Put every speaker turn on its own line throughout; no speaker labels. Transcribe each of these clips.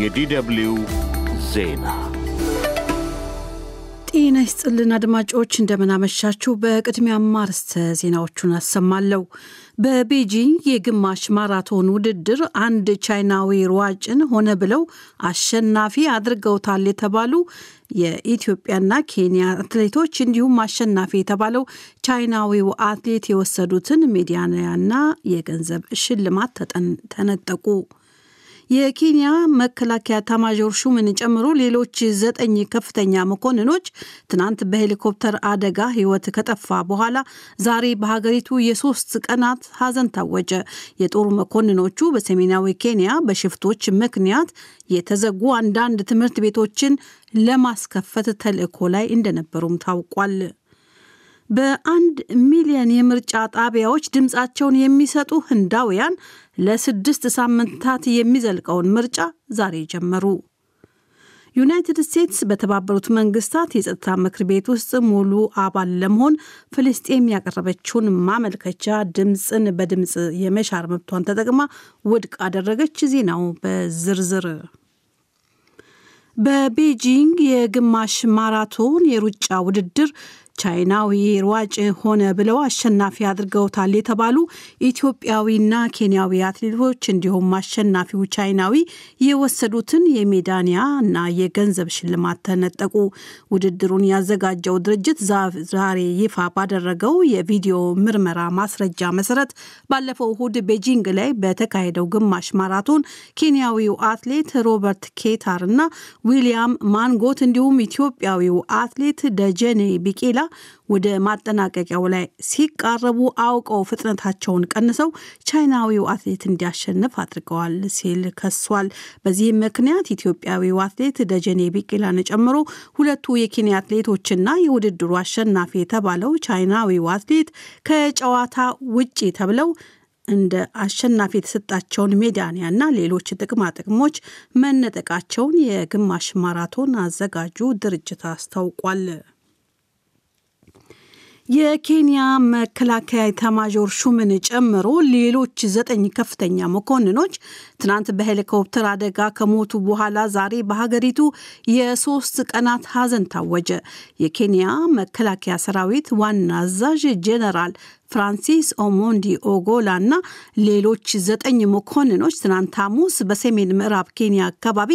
የዲደብልዩ ዜና ጤና ይስጥልን አድማጮች፣ እንደምናመሻችሁ። በቅድሚያ ማርስተ ዜናዎቹን አሰማለሁ። በቤጂንግ የግማሽ ማራቶን ውድድር አንድ ቻይናዊ ሯጭን ሆነ ብለው አሸናፊ አድርገውታል የተባሉ የኢትዮጵያና ኬንያ አትሌቶች እንዲሁም አሸናፊ የተባለው ቻይናዊው አትሌት የወሰዱትን ሜዲያና የገንዘብ ሽልማት ተነጠቁ። የኬንያ መከላከያ ታማዦር ሹምን ጨምሮ ሌሎች ዘጠኝ ከፍተኛ መኮንኖች ትናንት በሄሊኮፕተር አደጋ ህይወት ከጠፋ በኋላ ዛሬ በሀገሪቱ የሶስት ቀናት ሀዘን ታወጀ። የጦር መኮንኖቹ በሰሜናዊ ኬንያ በሽፍቶች ምክንያት የተዘጉ አንዳንድ ትምህርት ቤቶችን ለማስከፈት ተልዕኮ ላይ እንደነበሩም ታውቋል። በአንድ ሚሊየን የምርጫ ጣቢያዎች ድምፃቸውን የሚሰጡ ህንዳውያን ለስድስት ሳምንታት የሚዘልቀውን ምርጫ ዛሬ ጀመሩ። ዩናይትድ ስቴትስ በተባበሩት መንግስታት የጸጥታ ምክር ቤት ውስጥ ሙሉ አባል ለመሆን ፍልስጤም ያቀረበችውን ማመልከቻ ድምፅን በድምፅ የመሻር መብቷን ተጠቅማ ውድቅ አደረገች። ዜናው በዝርዝር በቤጂንግ የግማሽ ማራቶን የሩጫ ውድድር ቻይናዊ ሯጭ ሆነ ብለው አሸናፊ አድርገውታል የተባሉ ኢትዮጵያዊና ኬንያዊ አትሌቶች እንዲሁም አሸናፊው ቻይናዊ የወሰዱትን የሜዳንያ እና የገንዘብ ሽልማት ተነጠቁ። ውድድሩን ያዘጋጀው ድርጅት ዛሬ ይፋ ባደረገው የቪዲዮ ምርመራ ማስረጃ መሰረት ባለፈው እሁድ ቤጂንግ ላይ በተካሄደው ግማሽ ማራቶን ኬንያዊው አትሌት ሮበርት ኬታር እና ዊሊያም ማንጎት እንዲሁም ኢትዮጵያዊው አትሌት ደጀኔ ቢቄላ ወደ ማጠናቀቂያው ላይ ሲቃረቡ አውቀው ፍጥነታቸውን ቀንሰው ቻይናዊው አትሌት እንዲያሸንፍ አድርገዋል ሲል ከሷል። በዚህም ምክንያት ኢትዮጵያዊው አትሌት ደጀኔ ቢቂላን ጨምሮ ሁለቱ የኬንያ አትሌቶችና የውድድሩ አሸናፊ የተባለው ቻይናዊው አትሌት ከጨዋታ ውጪ ተብለው እንደ አሸናፊ የተሰጣቸውን ና ሌሎች ጥቅማ ጥቅሞች መነጠቃቸውን የግማሽ ማራቶን አዘጋጁ ድርጅት አስታውቋል። የኬንያ መከላከያ ኤታማዦር ሹምን ጨምሮ ሌሎች ዘጠኝ ከፍተኛ መኮንኖች ትናንት በሄሊኮፕተር አደጋ ከሞቱ በኋላ ዛሬ በሀገሪቱ የሶስት ቀናት ሀዘን ታወጀ። የኬንያ መከላከያ ሰራዊት ዋና አዛዥ ጄኔራል ፍራንሲስ ኦሞንዲ ኦጎላ እና ሌሎች ዘጠኝ መኮንኖች ትናንት ሐሙስ በሰሜን ምዕራብ ኬንያ አካባቢ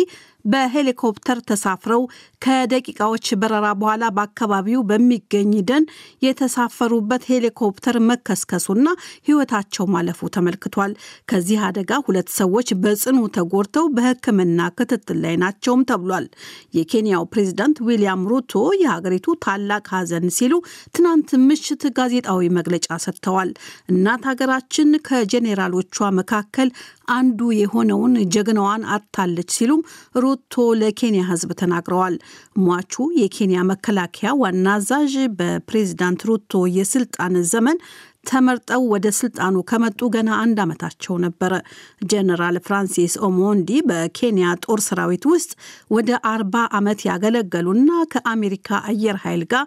በሄሊኮፕተር ተሳፍረው ከደቂቃዎች በረራ በኋላ በአካባቢው በሚገኝ ደን የተሳፈሩበት ሄሊኮፕተር መከስከሱና ሕይወታቸው ማለፉ ተመልክቷል። ከዚህ አደጋ ሁለት ሰዎች በጽኑ ተጎድተው በሕክምና ክትትል ላይ ናቸውም ተብሏል። የኬንያው ፕሬዝዳንት ዊልያም ሩቶ የሀገሪቱ ታላቅ ሐዘን ሲሉ ትናንት ምሽት ጋዜጣዊ መግለጫ ሰጥተዋል። እናት ሀገራችን ከጄኔራሎቿ መካከል አንዱ የሆነውን ጀግናዋን አጥታለች ሲሉም ሩቶ ለኬንያ ሕዝብ ተናግረዋል። ሟቹ የኬንያ መከላከያ ዋና አዛዥ በፕሬዚዳንት ሩቶ የስልጣን ዘመን ተመርጠው ወደ ስልጣኑ ከመጡ ገና አንድ ዓመታቸው ነበረ። ጀነራል ፍራንሲስ ኦሞንዲ በኬንያ ጦር ሰራዊት ውስጥ ወደ አርባ ዓመት ያገለገሉና ከአሜሪካ አየር ኃይል ጋር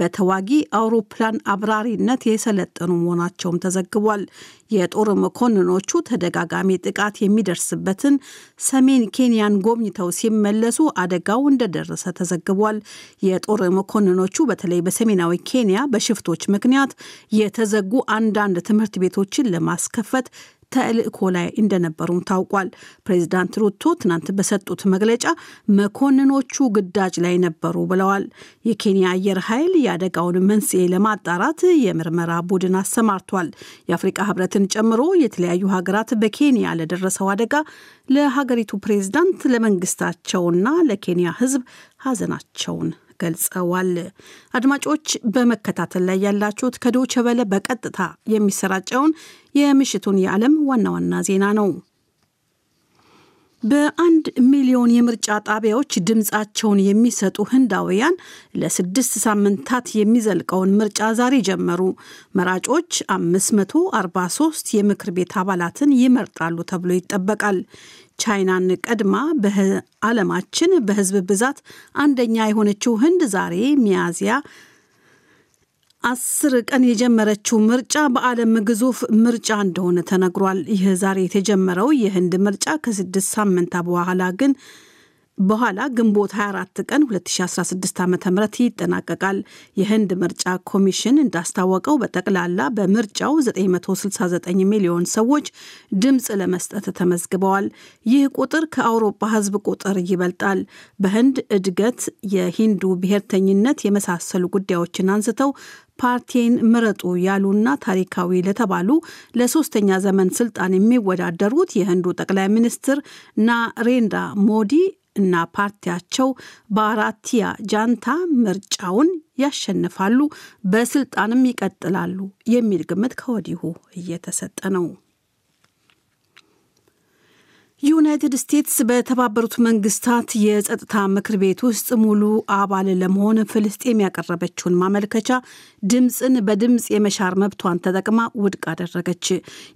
በተዋጊ አውሮፕላን አብራሪነት የሰለጠኑ መሆናቸውም ተዘግቧል። የጦር መኮንኖቹ ተደጋጋሚ ጥቃት የሚደርስበትን ሰሜን ኬንያን ጎብኝተው ሲመለሱ አደጋው እንደደረሰ ተዘግቧል። የጦር መኮንኖቹ በተለይ በሰሜናዊ ኬንያ በሽፍቶች ምክንያት የተዘጉ አንዳንድ ትምህርት ቤቶችን ለማስከፈት ተልእኮ ላይ እንደነበሩም ታውቋል። ፕሬዚዳንት ሩቶ ትናንት በሰጡት መግለጫ መኮንኖቹ ግዳጅ ላይ ነበሩ ብለዋል። የኬንያ አየር ኃይል የአደጋውን መንስኤ ለማጣራት የምርመራ ቡድን አሰማርቷል። የአፍሪቃ ህብረትን ጨምሮ የተለያዩ ሀገራት በኬንያ ለደረሰው አደጋ ለሀገሪቱ ፕሬዚዳንት ለመንግስታቸውና ለኬንያ ህዝብ ሀዘናቸውን ገልጸዋል። አድማጮች በመከታተል ላይ ያላችሁት ከዶቸበለ በቀጥታ የሚሰራጨውን የምሽቱን የዓለም ዋና ዋና ዜና ነው። በአንድ ሚሊዮን የምርጫ ጣቢያዎች ድምፃቸውን የሚሰጡ ህንዳውያን ለስድስት ሳምንታት የሚዘልቀውን ምርጫ ዛሬ ጀመሩ። መራጮች 543 የምክር ቤት አባላትን ይመርጣሉ ተብሎ ይጠበቃል። ቻይናን ቀድማ በዓለማችን በህዝብ ብዛት አንደኛ የሆነችው ህንድ ዛሬ ሚያዝያ አስር ቀን የጀመረችው ምርጫ በዓለም ግዙፍ ምርጫ እንደሆነ ተነግሯል። ይህ ዛሬ የተጀመረው የህንድ ምርጫ ከስድስት ሳምንት በኋላ ግን በኋላ ግንቦት 24 ቀን 2016 ዓ ም ይጠናቀቃል። የህንድ ምርጫ ኮሚሽን እንዳስታወቀው በጠቅላላ በምርጫው 969 ሚሊዮን ሰዎች ድምፅ ለመስጠት ተመዝግበዋል። ይህ ቁጥር ከአውሮፓ ህዝብ ቁጥር ይበልጣል። በህንድ እድገት፣ የሂንዱ ብሔርተኝነት የመሳሰሉ ጉዳዮችን አንስተው ፓርቲን ምረጡ ያሉና ታሪካዊ ለተባሉ ለሶስተኛ ዘመን ስልጣን የሚወዳደሩት የህንዱ ጠቅላይ ሚኒስትር ናሬንዳ ሞዲ እና ፓርቲያቸው በአራቲያ ጃንታ ምርጫውን ያሸንፋሉ፣ በስልጣንም ይቀጥላሉ የሚል ግምት ከወዲሁ እየተሰጠ ነው። ዩናይትድ ስቴትስ በተባበሩት መንግስታት የጸጥታ ምክር ቤት ውስጥ ሙሉ አባል ለመሆን ፍልስጤም ያቀረበችውን ማመልከቻ ድምፅን በድምፅ የመሻር መብቷን ተጠቅማ ውድቅ አደረገች።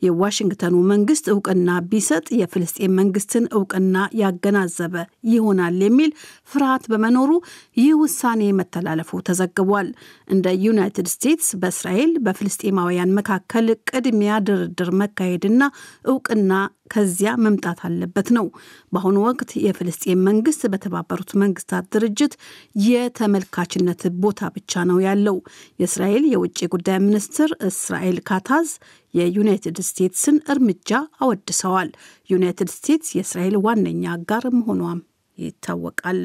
የዋሽንግተኑ መንግስት እውቅና ቢሰጥ የፍልስጤም መንግስትን እውቅና ያገናዘበ ይሆናል የሚል ፍርሃት በመኖሩ ይህ ውሳኔ መተላለፉ ተዘግቧል። እንደ ዩናይትድ ስቴትስ በእስራኤል በፍልስጤማውያን መካከል ቅድሚያ ድርድር መካሄድና እውቅና ከዚያ መምጣት አለበት ነው። በአሁኑ ወቅት የፍልስጤም መንግስት በተባበሩት መንግስታት ድርጅት የተመልካችነት ቦታ ብቻ ነው ያለው። የእስራኤል የውጭ ጉዳይ ሚኒስትር እስራኤል ካታዝ የዩናይትድ ስቴትስን እርምጃ አወድሰዋል። ዩናይትድ ስቴትስ የእስራኤል ዋነኛ አጋር መሆኗም ይታወቃል።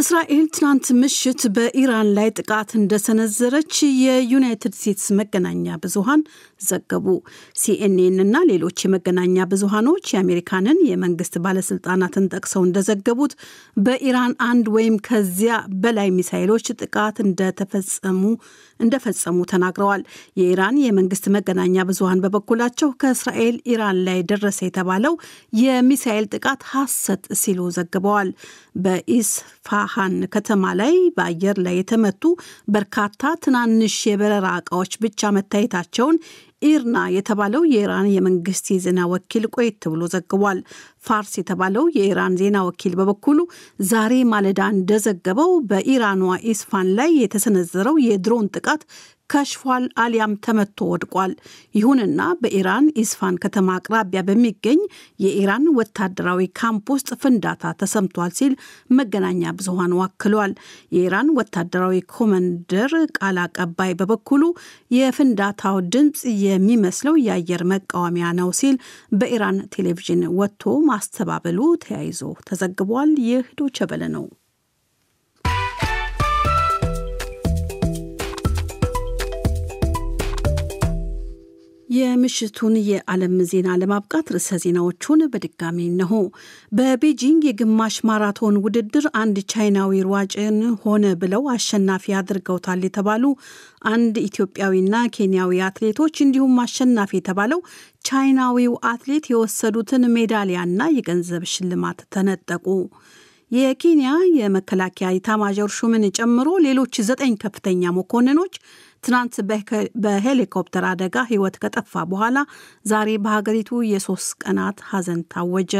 እስራኤል ትናንት ምሽት በኢራን ላይ ጥቃት እንደሰነዘረች የዩናይትድ ስቴትስ መገናኛ ብዙሃን ዘገቡ። ሲኤንኤን እና ሌሎች የመገናኛ ብዙሃኖች የአሜሪካንን የመንግስት ባለስልጣናትን ጠቅሰው እንደዘገቡት በኢራን አንድ ወይም ከዚያ በላይ ሚሳይሎች ጥቃት እንደተፈጸሙ እንደፈጸሙ ተናግረዋል። የኢራን የመንግስት መገናኛ ብዙሃን በበኩላቸው ከእስራኤል ኢራን ላይ ደረሰ የተባለው የሚሳይል ጥቃት ሐሰት ሲሉ ዘግበዋል። በኢስፋ ሃን ከተማ ላይ በአየር ላይ የተመቱ በርካታ ትናንሽ የበረራ እቃዎች ብቻ መታየታቸውን ኢርና የተባለው የኢራን የመንግስት የዜና ወኪል ቆየት ብሎ ዘግቧል። ፋርስ የተባለው የኢራን ዜና ወኪል በበኩሉ ዛሬ ማለዳ እንደዘገበው በኢራኗ ኢስፋን ላይ የተሰነዘረው የድሮን ጥቃት ከሽፏል አሊያም ተመቶ ወድቋል። ይሁንና በኢራን ኢስፋን ከተማ አቅራቢያ በሚገኝ የኢራን ወታደራዊ ካምፕ ውስጥ ፍንዳታ ተሰምቷል ሲል መገናኛ ብዙሃን ዋክሏል። የኢራን ወታደራዊ ኮመንደር ቃል አቀባይ በበኩሉ የፍንዳታው ድምፅ የሚመስለው የአየር መቃወሚያ ነው ሲል በኢራን ቴሌቪዥን ወጥቶ ማስተባበሉ ተያይዞ ተዘግቧል። ይህ ዶቸበለ ነው። የምሽቱን የዓለም ዜና ለማብቃት ርዕሰ ዜናዎቹን በድጋሚ እነሆ። በቤጂንግ የግማሽ ማራቶን ውድድር አንድ ቻይናዊ ሯጭን ሆነ ብለው አሸናፊ አድርገውታል የተባሉ አንድ ኢትዮጵያዊና ኬንያዊ አትሌቶች እንዲሁም አሸናፊ የተባለው ቻይናዊው አትሌት የወሰዱትን ሜዳሊያና የገንዘብ ሽልማት ተነጠቁ። የኬንያ የመከላከያ ኢታማዦር ሹምን ጨምሮ ሌሎች ዘጠኝ ከፍተኛ መኮንኖች ትናንት በሄሊኮፕተር አደጋ ሕይወት ከጠፋ በኋላ ዛሬ በሀገሪቱ የሶስት ቀናት ሀዘን ታወጀ።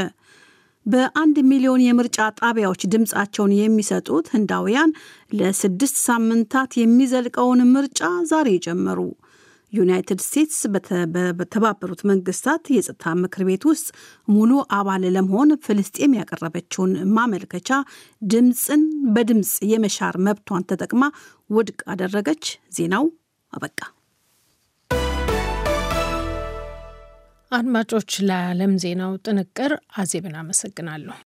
በአንድ ሚሊዮን የምርጫ ጣቢያዎች ድምፃቸውን የሚሰጡት ህንዳውያን ለስድስት ሳምንታት የሚዘልቀውን ምርጫ ዛሬ ጀመሩ። ዩናይትድ ስቴትስ በተባበሩት መንግስታት የጸጥታ ምክር ቤት ውስጥ ሙሉ አባል ለመሆን ፍልስጤም ያቀረበችውን ማመልከቻ ድምፅን በድምፅ የመሻር መብቷን ተጠቅማ ውድቅ አደረገች። ዜናው አበቃ። አድማጮች፣ ለዓለም ዜናው ጥንቅር አዜብን አመሰግናለሁ።